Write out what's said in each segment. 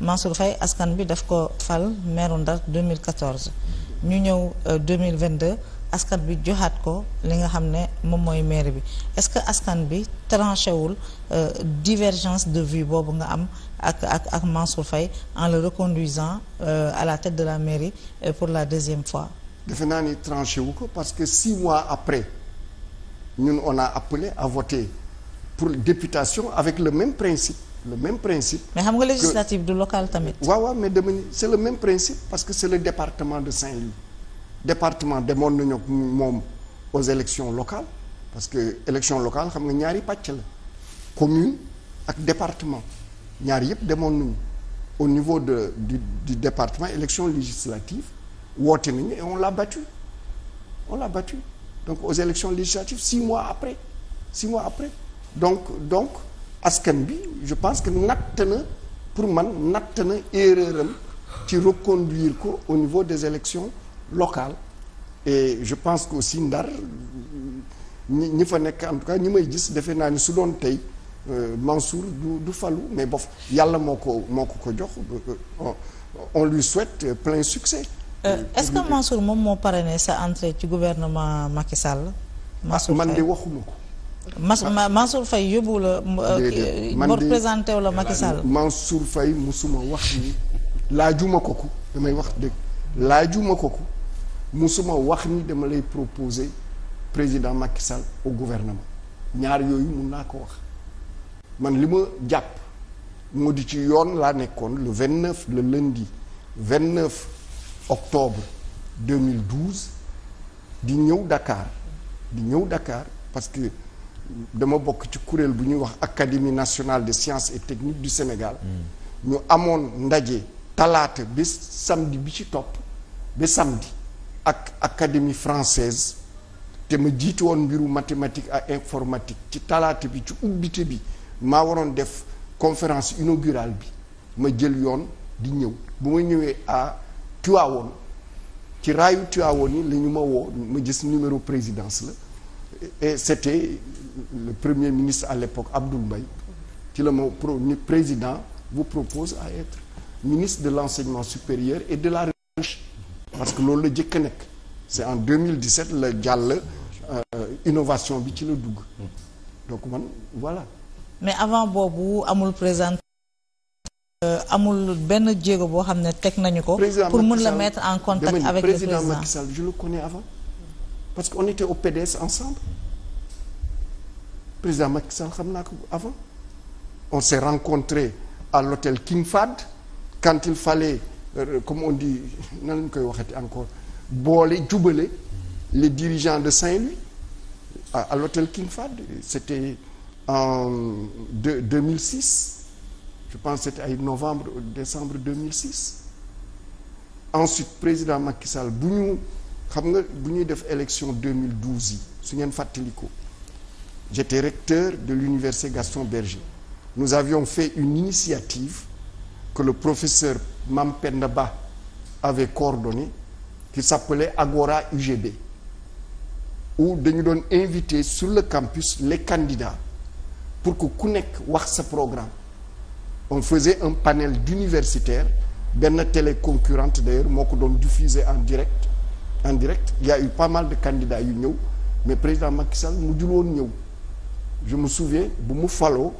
Mansour fay askan bi daf ko fal meeru Ndar 2014 ñu ñëw 2022 euh, askan bi joxaat ko li nga xam ne moom mooy maire bi est-ce que askan bi tranché wul euh, divergence de vie boobu nga am ak ak ak Mansour Faye en le reconduisant euh, à la tête de la mairie pour la deuxième fois. defe naa ni tranché wu ko parce que six mois après ñun on a appelé à voter pour députation avec le même principe. le même principe. mais xam nga législative du local tamit. waaw waaw mais dama ni le même principe parce que c' est le département de Saint-Louis département demoon nañu ak moom aux élections locales parce que élection locale xam nga ñaari pàcc la commune ak département ñaari yëpp demoon nañu au niveau de du du département élection législative woote nañu et on l'a battu on l'a battu donc aux élections législatives six mois après six mois après donc donc. askan bi je pense que natt na pour man natt na erreur am ci reconduire ko au niveau des élections locales et je pense que aussi ndar ñi ñi fa nekk en ñi may gis defe naa ni su doon tey euh, Mansour du du falu mais bof yàlla moo ko moo ko ko jox euh, euh, on lui souhaite plein succès Euh, est moom moo pare parrainé sa entrée ci gouvernement Macky Sall. Ah, Mansour man di waxuma ko. Mas Mansour Faye yóbbu la. Euh, déedéet man de présenté wu la Macky Sall. Mansour Faye musuma wax ni laajuma ko damay wax dëgg laajuma ko kooku musuma wax ni dama lay proposer président Macky Sall au gouvernement ñaar yooyu mun naa ko wax man li ma jàpp moo di ci yoon laa nekkoon le 29 le lundi 29 octobre 2012 di ñëw dakaar di ñëw dakaar parce que. dama bokk ci kuréel bu ñuy wax académie nationale de sciences et techniques du Sénégal ñu amoon ndaje talaata ba samedi bi ci topp ba samedi ak académie française te ma jiitu woon mbiru mathématique ak informatique ci talaata bi ci ubbite bi maa waroon def conférence inaugurale bi ma jël yoon di ñëw bu ma ñëwee à Tivaouane ci raayu Tivaouane yi la ma woo ma gis numéro présidence la et c'était le premier ministre à l'époque Abdoul Mbaye ci la ma pro président vous propose à être ministre de l'enseignement supérieur et de la recherche parce que loolu la jëkk a nekk c'est en 2017 la jàll euh, innovation bi ci la dugg donc man voilà mais avant boobu amul présent euh, amul benn jéego boo xam ne teg nañu ko pour mën la mettre en contact avec le président président Macky Sall je le connais avant parce qu'on était au PDS ensemble président Macky Sall xam naa ko avant on s'est rencontré à l'hôtel King Fahd quand il fallait euh, comme on dit nan lañu koy waxati encore boole jubale les dirigeants de Saint-Louis à, à l'hôtel King Fahd c'était en de 2006 je pense c'était ay novembre décembre 2006 ensuite président Macky bu ñu xam nga bu ñuy def élection 2012 yi su ngeen fàttaliku j'étais recteur de l'université Gaston Berger nous avions fait une initiative que le professeur Mampenda Ba avait coordonnée qui s'appelait Agora UGB où dañu doon invité sur le campus les candidats pour que ku nekk wax sa programme on faisait un panel duniversitaire benn télé concurrente moo ko doon diffuser en direct en direct il y a eu pas mal de candidats yu ñëw mais président Macky Sall mu jul woon ñëw je me souviens bu mu faloo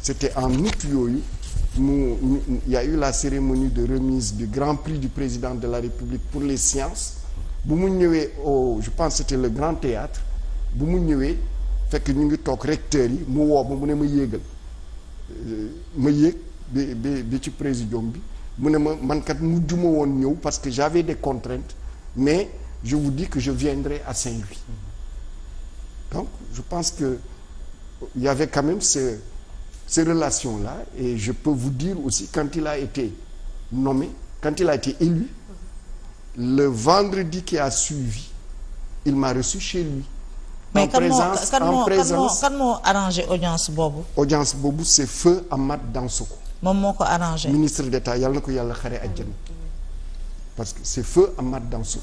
c'était en août yooyu mu il y a eu la cérémonie de remise du grand prix du président de la République pour les sciences bu mu ñëwee au je pense c'était le grand théâtre bu mu ñëwee fekk ñu ngi toog recteur yi mu woo ma mu ne ma yéegal euh, ma yéeg bi bi bi ci présidium bi mu ne ma man kat mujjuma woon ñëw parce que j'avais des contraintes mais je vous dis que je viendrai à Saint-Louis donc je pense que il y avait quand même ce, ces relations-là et je peux vous dire aussi quand il a été nommé quand il a été élu le vendredi qui a suivi il m'a reçu chez lui mais en quand présence quand en quand présence kan moo arrangé audience boobu audience boobu c'est feu Amath Dansokho moom moo ko arrangé ministre d'État yàlla na ko yàlla xare àjjana parce que c'est feu Amath Dansokho